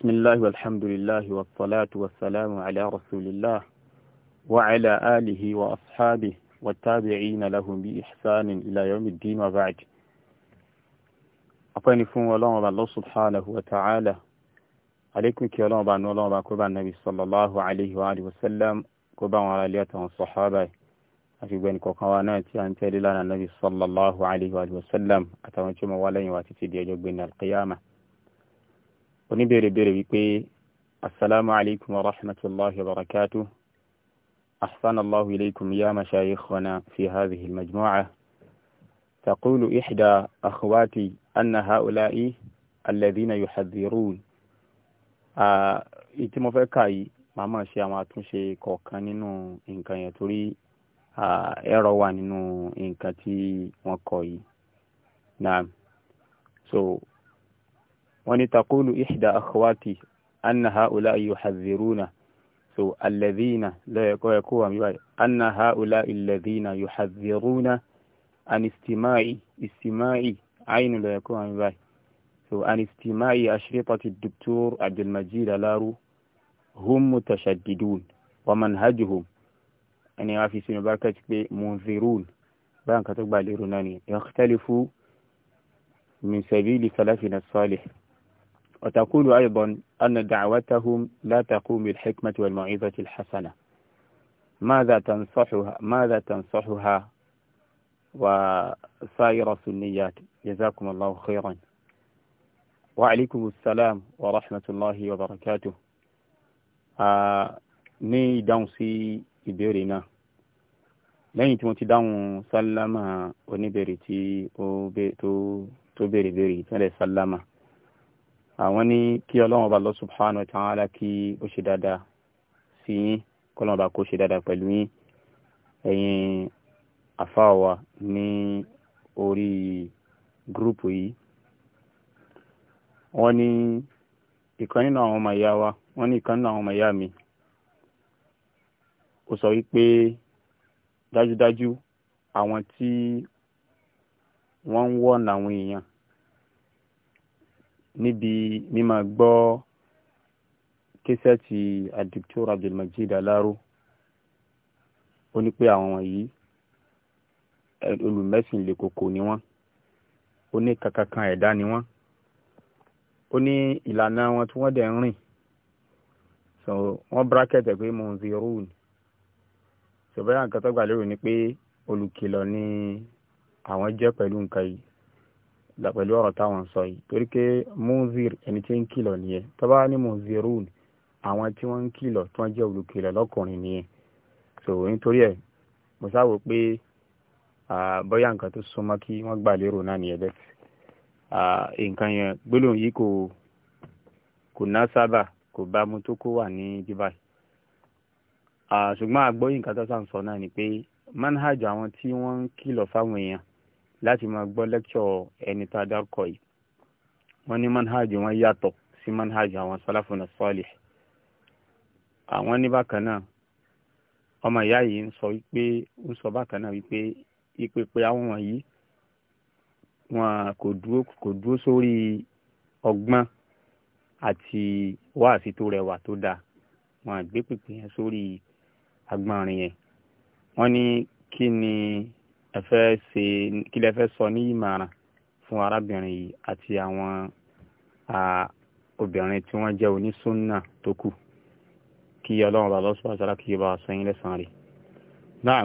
بسم الله والحمد لله والصلاة والسلام على رسول الله وعلى آله وأصحابه والتابعين لهم بإحسان إلى يوم الدين وبعد أقول فون الله الله سبحانه وتعالى عليكم كي الله وبعد الله وبعد بأكبر النبي صلى الله عليه وآله وسلم كبر على ليات الصحابة أجيبين كوكوانات أن تلي لنا النبي صلى الله عليه وآله وسلم أتوجه موالين واتتدي أجبين القيامة oníbèrèbèrè wípé assalamu alaikum wa rahmatullahi wa barakatuh ahsan allahu ilaikum ya mashayikhana fi hadhihi almajmu'a taqulu ihda akhwati anna ha'ula'i alladhina yuhadhirun ìtí mo fẹ́ kà yìí màá máa ṣe àwọn àtúnṣe kọ̀ọ̀kan nínú nǹkan yẹn torí ẹ̀rọ wà nínú nǹkan tí wọ́n kọ yìí náà so تقول إحدى أخواتي أن هؤلاء يحذرون سو الذين لا يكوهم أن هؤلاء الذين يحذرون عن استماع استماع عين لا يكوهم سو عن استماع أشرطة الدكتور عبد المجيد لارو هم متشددون ومنهجهم أن يعفي يعني سنبركة منذرون بان كتب يختلف من سبيل سلفنا الصالح وتقول أيضا أن دعوتهم لا تقوم بالحكمة والموعظة الحسنة ماذا تنصحها ماذا تنصحها وسائر السنيات جزاكم الله خيرا وعليكم السلام ورحمة الله وبركاته آه، ني ní ìdáhùn لين تموتي náà سلاما tí وبيتو ti dáhùn sálámà oníbèrè àwọn ní kí ọlọ́run ọba lọ subhanahu wa ta'ala kí ó ṣe dáadáa sí yín kọ́lọ́run ọba kó ṣe dáadáa pẹ̀lú yín ẹ̀yin àfáàwà ní orí gúrúùpù yìí wọ́n ní ìkan nínú àwọn ọmọ ìyá wa wọ́n ní ìkan nínú àwọn ọmọ ìyá mi ó sọ wípé dájúdájú àwọn tí wọ́n ń wọ̀nà àwọn èèyàn níbi mímá gbọ́ késẹ́ẹ̀tì Dr. Abdulmajid Alaro ó ní pé àwọn wọ̀nyí olùmẹ́sìn lè koko ni wọ́n ó ní kankankan ẹ̀dá ni wọ́n ó ní ìlànà wọn tí wọ́n dẹ̀ ń rìn so wọ́n bracket ẹ̀ pé monzirun ṣùgbọ́n àwọn kan tó gbà lérò ni pé olùkìlọ̀ ni àwọn jẹ́ pẹ̀lú nǹkan yìí pẹ̀lú ọ̀rọ̀ táwọn sọ yìí torí pé muzir ẹni tí ń kìlọ̀ nìyẹn tó bá ní muzirun àwọn tí wọ́n ń kìlọ̀ tí wọ́n jẹ́ olùkìlọ̀ lọ́kùnrin nìyẹn so nítorí ẹ̀ mo sáwò pé bóyá nǹkan tó súnmọ́ kí wọ́n gbà lérò náà nìyẹn bẹ́ẹ̀ nǹkan yẹn gbólóhùn yìí kò kò ná sábà kò bá mu tó kó wà ní dubai ṣùgbọ́n àgbọ́yìn nǹkan tó sàn náà ni pé manhaj àwọn tí wọ́n ń kìlọ̀ fáwọn èèyàn láti máa gbọ́ lẹ́kṣọ̀ ẹni tá a dárúkọ yìí wọ́n ní manhaj wọn yàtọ̀ sí manhaj àwọn salafuna salih àwọn ní bákan náà ọmọ ìyá yìí ń sọ wípé ń sọ bákan náà wípé wípé pé àwọn wọ̀nyí wọn kò dúró kò dúró sórí ọgbọ́n àti wáàsí tó rẹwà tó dáa wọn àgbépèpè yẹn sórí agbọ́nrin yẹn wọ́n ní kí ni. Kini, ẹ fẹ́ ṣe kí lẹ fẹ́ sọ ní ìmọ̀ràn fún arábìnrin yìí àti àwọn obìnrin tí wọ́n jẹ́ onísúnnà tó kù kí ọlọ́run bá lọ́sọ̀ àṣàrà kí bá sọ yín lẹ́sàn-án rẹ̀. náà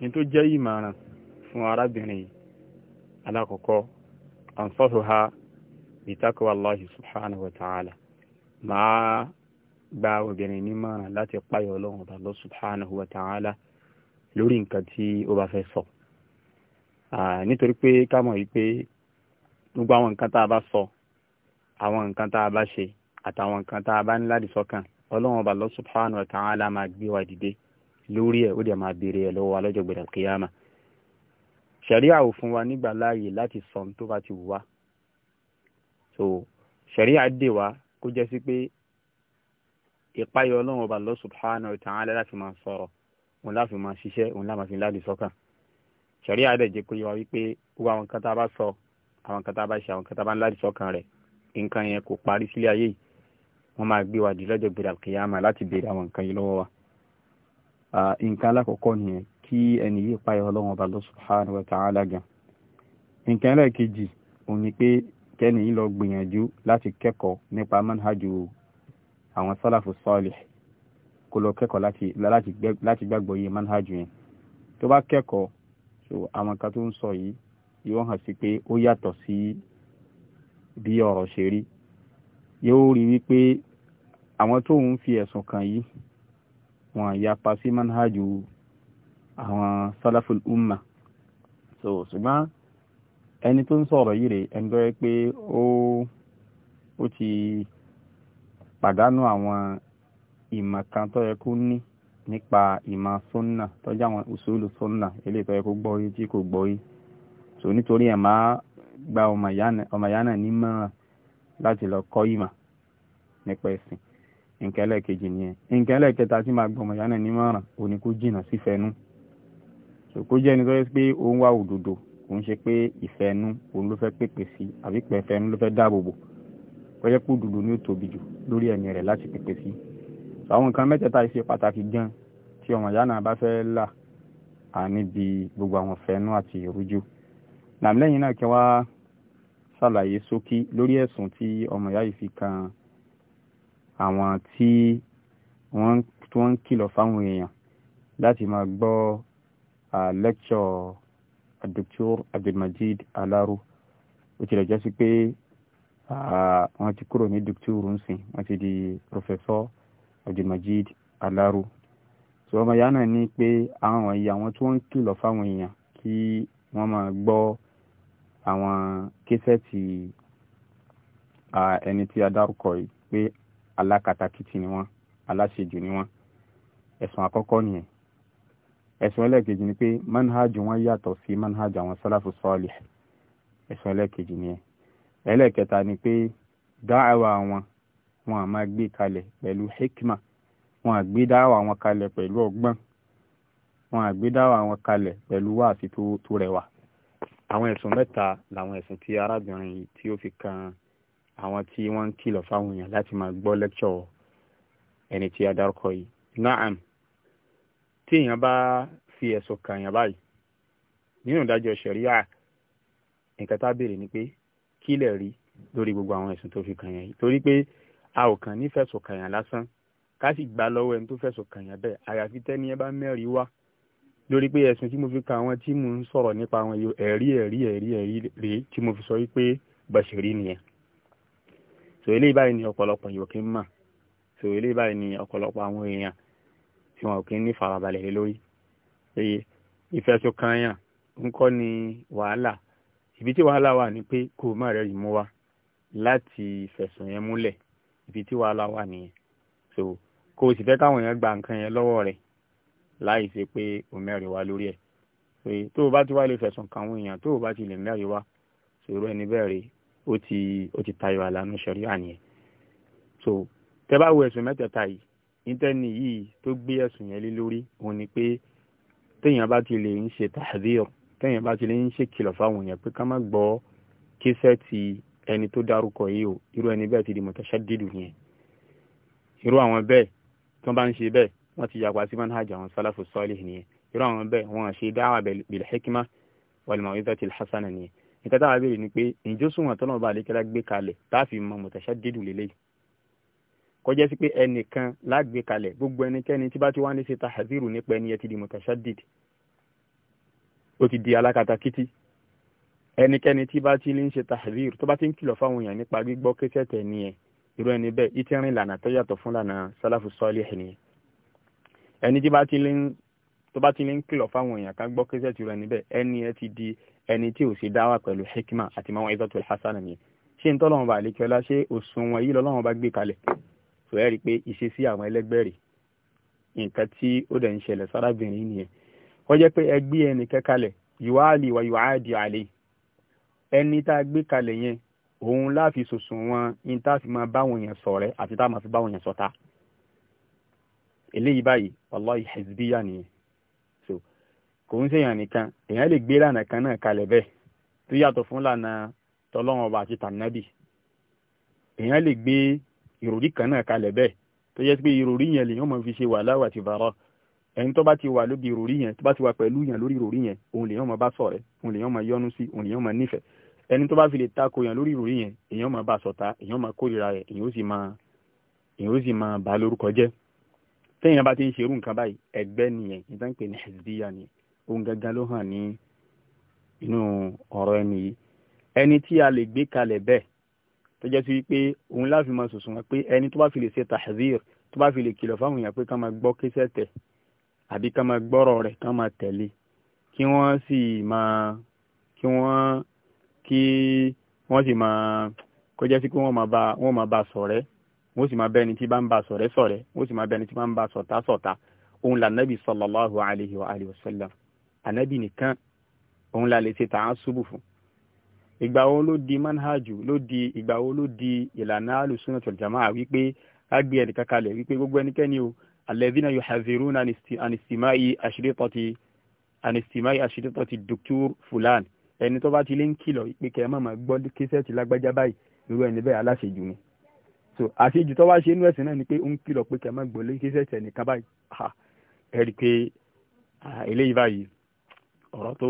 ní tó jẹ́ ìmọ̀ràn fún arábìnrin yìí alákọ̀ọ́kọ́ ansahuha bi taqwa Allahi subhanahu wa ta'ala máa gba obìnrin nímọ̀ràn láti páyọ̀ ọlọ́run bá lọ́sọ̀ subhanahu wa ta'ala lórí nǹkan tí ó bá fẹ́ sọ nítorí pé ká mọ̀ yìí pé gbogbo àwọn nǹkan tá a bá sọ àwọn nǹkan tá a bá ṣe àtàwọn nǹkan tá a bá ní láti sọ́kàn ọlọ́run ọba Allah subhanahu wa ta'ala máa gbé wa dìde lórí ẹ̀ ó dẹ̀ máa béèrè ẹ̀ lọ́wọ́ alọ́jọ́ gbẹ̀dẹ̀ kíyàmà ṣẹ̀ríà ò fún wa nígbà láàyè láti sọ tó bá ti wù wá so ṣẹ̀ríà dè wá kó jẹ́ sí pé ìpáyọ̀ ọlọ́run ọba Allah subhanahu wa ta'ala láti máa sọ̀rọ̀ òun láfi máa ṣiṣẹ́ òun láfi láti sọ́kàn ṣẹ̀rí àdẹ̀jẹ́ pé wá wípé wọ́n àwọn kan tá a bá sọ àwọn kan tá a bá ṣe àwọn kan tá a bá ń láti sọ́kàn rẹ̀ nǹkan yẹn kò parí sílé ayé yìí wọ́n máa gbé wa di lọ́jọ́ gbèrà kìyàmà láti béèrè àwọn nǹkan yìí lọ́wọ́ wa. nǹkan alákọ̀ọ́kọ́ nìyẹn kí ẹni yìí páyọ ọlọ́run ọba subhanahu wa ta'ala gan. nǹkan ẹlẹ́ẹ̀kejì òun ni pé kẹ́ni yìí lọ gbìyànjú láti kẹ́kọ̀ọ́ nípa manhajú àwọn sálàfù sálíhì kó lọ kẹ́kọ̀ọ́ láti gbàgbọ́ yìí manhajù yẹn tó bá kẹ́kọ̀ọ́ so àwọn kan tó ń sọ yìí yóò hàn sí pé ó yàtọ̀ sí bí ọ̀rọ̀ ṣe rí yóò rí wípé àwọn tó ń fi ẹ̀sùn kàn yìí wọn yapa sí manhajù àwọn salaful umma so ṣùgbọ́n ẹni tó ń sọ̀rọ̀ yìí rè ẹni tó yẹ pé ó ó ti pàdánù àwọn ìmọ̀ kan tó yẹ kó ní nípa ìmọ̀ sunna tọ́jú àwọn usulu sunna eléyìí tó yẹ kó gbọ́ yìí tí kò gbọ́ yìí so nítorí ẹ̀ máa gba ọmọ ìyá náà nímọ̀ràn láti lọ kọ́ ìmọ̀ nípa ẹ̀sìn nǹkan ẹlẹ́ẹ̀kejì nìyẹn nǹkan ẹlẹ́ẹ̀kẹta tí máa gbọmọ ìyá náà nímọ̀ràn òní kó jìnnà sí fẹ́nu so kó jẹ́ ẹni tó yẹ pé òun wá òdodo kò ń ṣe pé ìfẹ́nu òun ló fẹ́ pèpè sí àbí pẹ̀fẹ́nu ló fẹ́ dáàbòbò kó jẹ́ ni ó tóbi jù lórí ẹ̀mí rẹ̀ láti pèpè sí àwọn nǹkan mẹ́tẹ̀ẹ̀ta ìṣe pàtàkì gan tí ọmọ ìyá náà bá fẹ́ là á níbi gbogbo àwọn fẹ́nu àti ìrújú nàmìlẹ́yìn náà kí wá ṣàlàyé ṣókí lórí ẹ̀sùn tí ọmọ ìyá yìí fi kan àwọn tí wọ́n ń kìlọ̀ fáwọn èèyàn láti máa gbọ́ lẹ́kṣọ̀ Dr. Abdulmajid Alaru ó tilẹ̀ jẹ́ sí pé wọ́n ti kúrò ní dr nsìn wọ́n ti di professor Abdulmajid Alaru tí ọmọ ìyá náà ní pé àwọn wọ̀nyí àwọn tí wọ́n ń kìlọ̀ fáwọn èèyàn kí wọ́n máa gbọ́ àwọn késẹ́ẹ̀tì ẹni tí a dárúkọ yìí pé alákatakítí ni wọ́n aláṣejù ni wọ́n ẹ̀sùn àkọ́kọ́ nìyẹn ẹ̀sùn ẹlẹ́ẹ̀kejì ni pé manhaj wọn yàtọ̀ sí manhaj àwọn sálàfù sọ́ọ̀lì ẹ̀sùn ẹlẹ́ẹ̀kejì nìyẹn ẹlẹ́ẹ̀kẹta ni pé dáhàwá wọn wọn a máa gbé kalẹ̀ pẹ̀lú hikma wọn a gbé dáwà wọn kalẹ̀ pẹ̀lú ọgbọ́n wọn a gbé dáwà wọn kalẹ̀ pẹ̀lú wáàsí tó rẹwà. àwọn ẹ̀sùn mẹ́ta làwọn ẹ̀sùn tí arábìnrin yìí tí ó fi kan àwọn tí wọ́n ń kìlọ̀ fáwọn èèyàn láti máa gbọ́ lẹ́kṣọ̀ ẹni tí a dárúkọ yìí. naam tí èèyàn bá fi ẹ̀sùn kàn yàn báyìí nínú ìdájọ́ ṣẹ̀ríà nǹkan béèrè ni pé kí lẹ̀ rí lórí gbogbo àwọn ẹ̀sùn tó fi kàn yàn torí pé a ò kàn ní fẹ̀sùn kàn yàn lásán ká sì gbà lọ́wọ́ ẹni tó fẹ̀sùn kàn yàn bẹ́ẹ̀ àyàfi tẹ́ni ẹ bá mẹ́rin wá lórí pé ẹ̀sùn tí mo fi ka àwọn tí mo ń sọ̀rọ̀ nípa àwọn ẹ̀rí ẹ̀rí ẹ̀rí ẹ̀rí rèé tí mo fi sọ wípé bàṣírí nìyẹn so eléyìí báyìí ni ọ̀pọ̀lọpọ̀ yòókì ń mà so eléyìí báyìí ni ọ̀pọ̀lọpọ̀ àwọn èèyàn tí wọn kì í ní farabalẹ̀ lé lórí eye ìfẹ̀sùnkanyàn ń kọ́ ni wàhálà ibi tí wàhálà wà ní pé kò má rẹ̀ rí mú wa láti fẹ̀sùn yẹn múlẹ̀ ibi tí wàhálà wà nìyẹn so kò sì fẹ́ káwọn èèyàn gba nǹkan yẹn lọ́wọ́ rẹ̀ láì ṣe pé o mẹ́rin wá lórí ẹ̀ pé tó o bá ti wá lè fẹ̀sùn kàwọn èèyàn tó o bá ti lè mẹ́rin wá sòrò ẹni bẹ́ẹ̀ ó ti tayọ àlànà ṣẹ̀rí àníyẹn so tẹ bá wo ẹ̀sùn mẹ́tẹ̀ẹ̀ta yìí nítẹ́ni yìí tó gbé ẹ̀sùn yẹn lé lórí òun ni pé téèyàn bá ti lè ń ṣe tàbí téèyàn bá ti lè ń ṣèkìlọ̀ fáwọn èèyàn pé ká má gbọ́ kíṣẹ́ ti ẹni tó dárúkọ yìí o irú ẹni bẹ́ẹ̀ ti di mutashaddidu nìyẹn irú àwọn bẹ́ẹ̀ tí wọ́n bá ń ṣe bẹ́ẹ̀ wọ́n ti yàgbá sí manhaj àwọn sálàfù sọ́ọ̀lì nìyẹn irú àwọn bẹ́ẹ̀ wọ́n ṣe dáwà bil hikma wal maw'izati al hasana nìyẹn nǹkan táwa béèrè ni pé ìjọsùnwọ̀n tọ́nà bá àlékẹ́lá gbé kalẹ̀ táàfin mọ mutashaddidu lélẹ́yìí kọjá sí pé ẹnìkan lágbé kalẹ̀ gbogbo ẹnikẹ́ni tí bá ti wá ní ṣe tahadhiru nípa ẹni ẹ ti di mutashaddid ó ti di alákatakítí ẹnikẹ́ni tí bá ti ń ṣe tahzir tó bá ti ń kìlọ̀ fáwọn èèyàn nípa gbígbọ́ kẹsẹ̀tẹ̀ ni ẹ̀ irú ẹni bẹ́ẹ̀ ìtí rìn lànà tó yàtọ̀ fún lànà sálàfù sọ́ọ̀lì ẹ̀ nìyẹn ẹni tí bá ti ń tó bá ti ń kìlọ̀ fáwọn èèyàn ká gbọ́ kẹsẹ̀tì irú ẹni bẹ́ẹ̀ ẹni ẹ ti di ẹni tí ò ṣe dáwà pẹ̀lú hikma àti mawon izatu alhassan ni ṣé ń tọ́lọ́wọ́n bá àlekẹ́ ọlá ṣé òṣùwọ̀n yìí lọ́lọ́wọ́n bá gbé kalẹ̀ tó ẹ́ rí i pé ìṣesí àwọn wa yùwáàdì àlè ẹni tá a gbé kalẹ̀ yẹn òun láfi wọn ní tá a fi máa báwọn èèyàn àti tá a máa fi báwọn èèyàn ṣọ̀tá eléyìí báyìí wallahi hezbiya nìyẹn so kò ń ṣèyàn nìkan èèyàn lè gbé lànà kan náà kalẹ̀ bẹ́ẹ̀ tó yàtọ̀ gbé ìròrí kan náà kalẹ̀ bẹ́ẹ̀ tó yẹ wà lóbi ìròrí yẹn tó bá wà pẹ̀lú yẹn lórí ìròrí yẹn òun máa bá òun máa sí òun ẹni tó bá fi lè tako yàn lórí ìròyìn yẹn èèyàn máa bá sọ̀tá èèyàn máa kórìíra rẹ̀ èèyàn ó sì máa èèyàn ó sì máa bà lórúkọ jẹ́ téèyàn bá ti ń ṣerú nǹkan báyìí ẹgbẹ́ nìyẹn níta ń pè ní hizbiya ni ohun gangan ló hàn ní inú ọ̀rọ̀ ẹni yìí ẹni tí a lè gbé kalẹ̀ bẹ́ẹ̀ tó jẹ́ sí wípé òun láfi máa sòsùn wọn pé ẹni tó bá fi lè ṣe tahzir tó bá fi lè kìlọ̀ fáwọn èèyàn pé ká máa gbọ́ kéṣẹ́ tẹ̀ àbí ká máa gbọ́rọ̀ rẹ̀ ká máa tẹ̀lé kí wọ́n sì máa kí wọ́n kí wọ́n sì máa kó jẹ́ sí pé wọ́n máa bá wọ́n máa bá ṣọ̀rẹ́ wọ́n sì máa bẹ́ni tí bá ń bá ṣọ̀rẹ́ ṣọ̀rẹ́ wọ́n sì máa bẹ́ni tí bá ń bá ṣọ̀tá ṣọ̀tá òun là nábì sallallahu alayhi wa alihi wa sallam ànábì nìkan òun là lè ṣe tààsùbù fún ìgbà wo ló di manhajù ló di ìgbà wo ló di ìlànà alùsùnàtul jamaa wípé á gbé ẹnìkan kalẹ̀ wípé gbogbo ẹnikẹ́ni o alladhina yuhadhiruna an istimai ashritati an istimai ashritati duktur fulan ẹni tó bá ti lé ń kìlọ̀ pé kẹ́ ẹ má máa gbọ́ kíṣẹ́ẹ̀tì lágbájá báyìí irú ẹni bẹ́ẹ̀ aláṣejù ni so àṣejù tó wá ṣe inú ẹ̀sìn náà ni pé ó ń kìlọ̀ pé kẹ́ ẹ má gbọ́ kíṣẹ́ẹ̀tì ẹnìkan báyìí ha ẹ rí i pé eléyìí báyìí ọ̀rọ̀ tó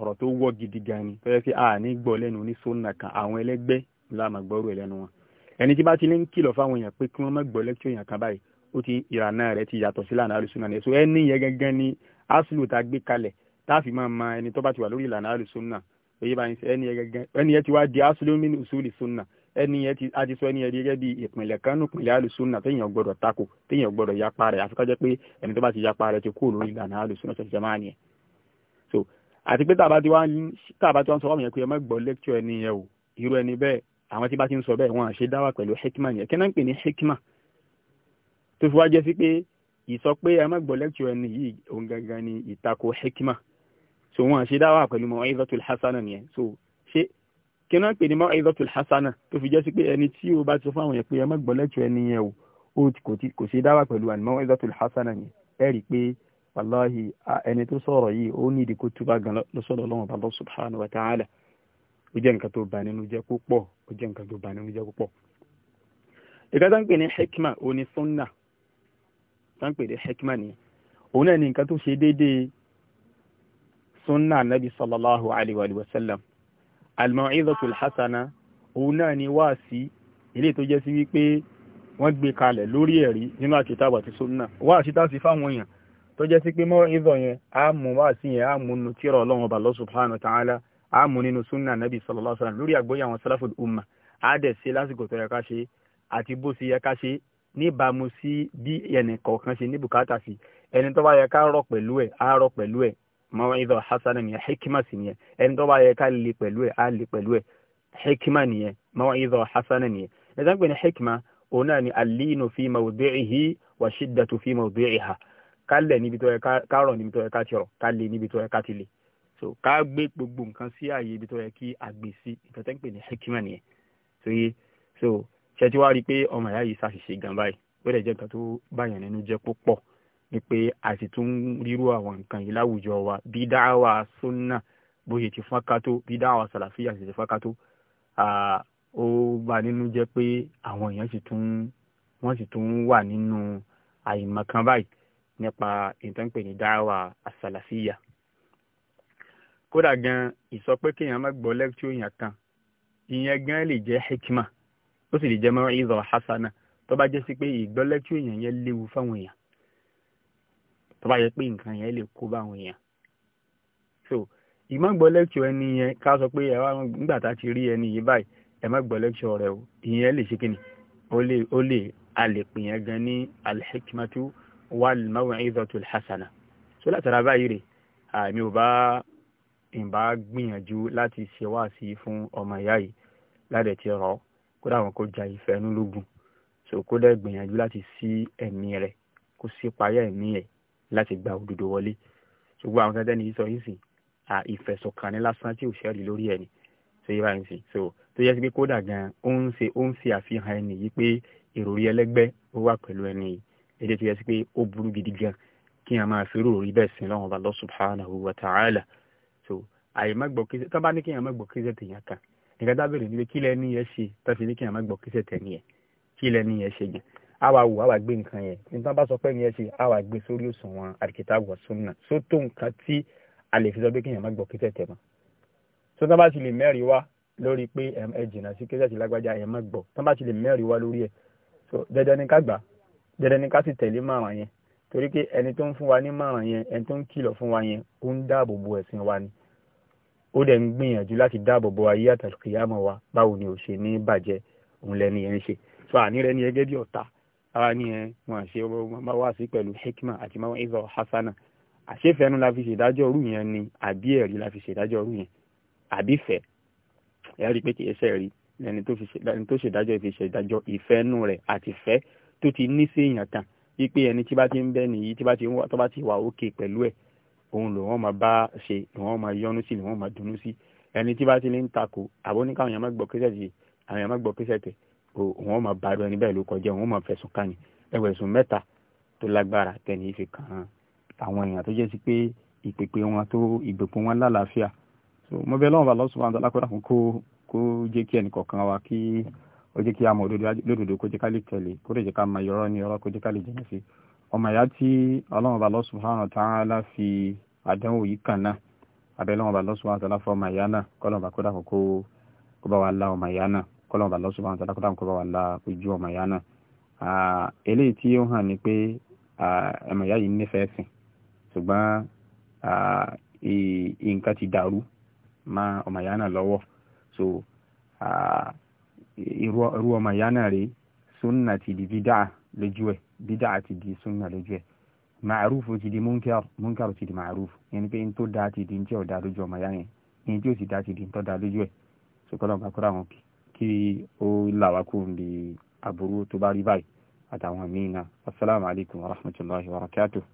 ọ̀rọ̀ tó wọ́ gidi gan ni tó yẹ pé àní gbọ́ lẹ́nu ní sọ́nà kan àwọn ẹlẹ́gbẹ́ la máa gbọ́rù ẹ̀ lẹ́nu wọn ẹni tí bá ti lé so ẹni yẹn gangan ni aslu táàfin máa ma ẹni tó bá ti wà lórí ìlànà àlùsùnà oyè bá ń sẹ ẹni yẹn ẹni yẹn ti wá di asulumin usuli sunna ẹni yẹn ti a ti sọ ẹni yẹn gẹ́gẹ́ bí ìpìlẹ̀ kánú ìpìlẹ̀ àlùsùnà téèyàn gbọ́dọ̀ tako téèyàn gbọ́dọ̀ yapa rẹ̀ àfi ká pé ẹni tó bá ti yapa rẹ̀ ti kúrò lórí ìlànà àlùsùnà ṣẹ̀ṣẹ̀ jama nìyẹn so àti pé tàbá tí wá ń tàbá tí wá ń sọ wàmù yẹn pé ẹ má gbọ́ lẹ́kítọ̀ ẹni yẹn o irú ẹni bẹ́ẹ̀ àwọn tí bá ti ń wọn àṣẹ dáwà ẹ má gbọ́ lẹ́kítọ̀ ẹni yìí so wọn ṣe dáwà pẹ̀lú mau'izatul hasana nìyẹn so ṣe kí wọ́n pè ní mau'izatul hasana tó fi jẹ́ sí pé ẹni tí o bá ti sọ fún àwọn yẹn pé ẹ má gbọ́ lẹ́tọ̀ ẹni yẹn o ó kò ṣe dáwà pẹ̀lú àní mau'izatul hasana nìyẹn ẹ rí i pé wàláhì ẹni tó sọ̀rọ̀ yìí ó ní ìdí kó túbà gan lọ́sọ̀rọ̀ lọ́wọ́ bàbá subhanahu wa ta'ala ó jẹ́ nǹkan tó bà nínú jẹ́ púpọ̀ ó jẹ́ nǹkan tó bà nínú jẹ́ púpọ̀ ìkàtà ń pè ní hikma òní sunna tá ń pè ní hikma nìyẹn òun náà ní nǹkan tó ṣe déédéé súnà nàbí sallallahu alayhi wa sallam al-mau'izatul hasana òun náà ni wá sí ilé tó jẹ́ sí wípé wọ́n gbé kalẹ̀ lórí ẹ̀rí nínú àkìtàbà ti súnà wá sí tá sí fáwọn èèyàn tó jẹ́ sí pé mau'izah yẹn á mú wá sí yẹn á mú nínú tírà Ọlọ́run Ọba Allah subhanahu wa ta'ala á mú nínú súnà nàbí sallallahu alayhi wa sallam lórí àgbóyà àwọn salaful umma á dẹ̀ sí lásìkò tó yẹ ká ṣe àti bó ṣe yẹ ká ṣe níbàámu sí bí ẹnì kọ̀ọ̀kan ṣe ní bùkátà sí ẹni tó bá yẹ ká rọ̀ pẹ̀lú ẹ̀ á rọ̀ pẹ̀lú ẹ̀ mọ́wáyídọ̀ hasanan yẹn hikima sì nìyẹn ẹni tó bá yẹ ká lè pẹ̀lú ẹ̀ á lè pẹ̀lú ẹ̀ hikima nìyẹn mọ́wáyídọ̀ hasanan nìyẹn ẹ̀dá gbẹ̀ni hikima òun náà ni alínu fi mawdi'ihi wà ṣídàtú fi mawdi'iha ká lẹ̀ níbi tó yẹ ká rọ̀ níbi tó yẹ ká ti rọ̀ ká lè níbi tó yẹ ká ti lè so ká gbé gbogbo nǹkan sí ààyè ibi tó yẹ kí àgbè sí nǹkan tẹ́ ń pè ní hikima nìyẹn so yé so ṣe ti wá rí i pé ọmọ ìyá yìí ṣàṣìṣe gan báyìí ó dẹ̀ jẹ́ nǹkan tó báyàn nínú jẹ́ púpọ̀ ni pé a sì tún rírú àwọn nǹkan yìí láwùjọ wa bí dáwà sunna bóyá ti fọ́nká tó bí dáwà sàlàfíà sì ti fọ́nká tó ó bà nínú jẹ́ pé àwọn èèyàn sì tún wọ́n sì tún wà nínú àìmọ̀kan báyìí nípa ìtànpè ní dáwà sàlàfíà kódà gan ìsọ pé kéèyàn má gbọ́ lẹ́kítì òyìn kan ìyẹn gan lè jẹ́ hikima ó sì lè jẹ́ mọ́ ìzọ̀ hasana tó bá jẹ́ sí pé ìgbọ́ lẹ́kítì yẹn léwu fáwọn èèyàn tó bá yẹ pé nǹkan yẹn lè kó báwọn èèyàn so ìmọ̀gbọ́ lẹ́kṣọ̀ ẹni yẹn ká sọ pé ẹwà nígbà tá a ti rí ẹni yìí báyìí ẹ má gbọ́ lẹ́kṣọ̀ rẹ o ìyẹn lè ṣe kíni ó lè ó lè a pè yẹn gan ní alhikmatu wal maw'izatul hasana so látara báyìí rè àmì ò bá ìbá gbìyànjú láti ṣe wáàsí fún ọmọ ìyá yìí ládẹ̀ ti rọ̀ kódà wọn kò ja ìfẹ́ nú lógun so kódà gbìyànjú láti sí ẹ̀mí rẹ̀ kó sí payá ẹ̀mí ẹ̀ láti gba òdodo wọlé ṣùgbọ́n àwọn sẹ́ńtẹ́ni yìí sọ yìí sì ìfẹ̀sọ̀kànni lásán tí ò ṣẹ́rí lórí ẹni tó yẹ báyìí sí so tó yẹ sí pé kódà gan ó ń ṣe ó ń ṣe àfihàn ẹni yìí pé ìròrí ẹlẹ́gbẹ́ ó wà pẹ̀lú ẹni yìí èdè tó yẹ sí pé ó burú gidi gan kí a máa fẹ́rù òrí bẹ́ẹ̀ sin lọ́wọ́ Allah subhanahu wa ta'ala so àyè má gbọ́ kíṣẹ́ tán bá ní kí èèyàn má gbọ́ kíṣẹ́ tèèyàn kan nǹkan tábìlì awa wò àwa gbé nǹkan yẹn nígbà bá sọ pé ẹni yẹn ṣe àwa gbé sórí òṣùwọ̀n àdìkítàbù wa sunna só tó nǹkan tí a lè fi sọ pé kéèyàn má gbọ́ kéṣẹ́ tẹ̀ mọ́ tó bá ti lè mẹ́rin wá lórí pé ẹ jìnnà sí kéṣẹ́ sí lágbájá ẹ má gbọ́ tán bá ti lè mẹ́rin wá lórí ẹ̀ so dandan ni ká gbà dandan ni ká sì tẹ̀lé márùn yẹn torí pé ẹni tó ń fún wa ní márùn yẹn ẹni tó ń kìlọ̀ fún wa yẹn ó ń dáàbò bo ẹ̀sìn wa ni ó dẹ̀ ń gbìyànjú láti dáàbò bo ayé àtàkìyàmọ̀ wa báwo ni ò ṣe ní bàjẹ́ òun lẹ́ni yẹn ń ṣe so àní rẹ ni ẹgẹ́ bí ọ̀tá ara ní ẹ wọn àṣẹ máa wá sí pẹ̀lú hikma àti máa ń zọ hasana àṣefẹ́nu la fi ṣèdájọ́ ọrú yẹn ni àbí ẹ̀rí la fi ṣèdájọ́ ọrú yẹn àbí fẹ́ ẹ rí pé kì í ṣe ẹ̀rí lẹni tó ṣèdájọ́ ìfi ṣèdájọ́ ìfẹ́nu rẹ̀ àti fẹ́ tó ti ní sí èèyàn kan wípé ẹni tí bá ti ń bẹ nìyí tí bá ti tó bá ti wà òkè pẹ̀lú ẹ̀ òun lò máa bá ṣe lò máa yọnu sí lò máa dùnnú sí ẹni tí bá ti lè ń takò àbóníkàwọn èèyàn má gbọ́ kíṣẹ̀ òun máa ma ẹni bẹ́ẹ̀ ló kọjá òun máa fẹ̀sùn kàn ní ẹwẹ̀sùn mẹ́ta tó lágbára tẹ̀lé ìfi kan àwọn èèyàn tó jẹ́ sí pé ìpèpè wọn tó ìgbèpò wọn lálàáfíà so mo bẹ lọ́wọ́ Allah subhanahu wa ta'ala fún kó kó jẹ́ kí ẹnì kọ̀ọ̀kan wa kí ó jẹ́ kí a mọ̀ lódodo kó jẹ́ ká lè tẹ̀lé kó lè jẹ́ ká o yọrọ ní ọ̀rọ̀ kó ká lè ọmọ ìyá tí fi àdánwò yìí kàn náà kọ́lọ́mù bàlọ́ sọ́ba àti alákọ̀dá nǹkan bá wà lá ojú ọmọ ìyá náà eléyìí tí ó hàn ní pé ọmọ ìyá yìí nífẹ̀ẹ́ sìn ṣùgbọ́n nǹkan ti dàrú má ọmọ ìyá náà lọ́wọ́ so irú ọmọ ìyá náà rèé sunna ti di bídà lójú ẹ̀ bídà ti di sunna lójú ẹ̀ ma'arufu ti di munkar munkar ti di ma'arufu yẹn ni pé n tó da ti di n tí ò da lójú ọmọ ìyá yẹn n tí ò sì da ti di n tó da lójú ẹ̀ ṣùgbọ́n ọba kúrò àwọn kì í kí ó làwákùn bí aburú tó bá rí báyìí àtàwọn míì assalamu alaikum warahmatullahi wabarakatuh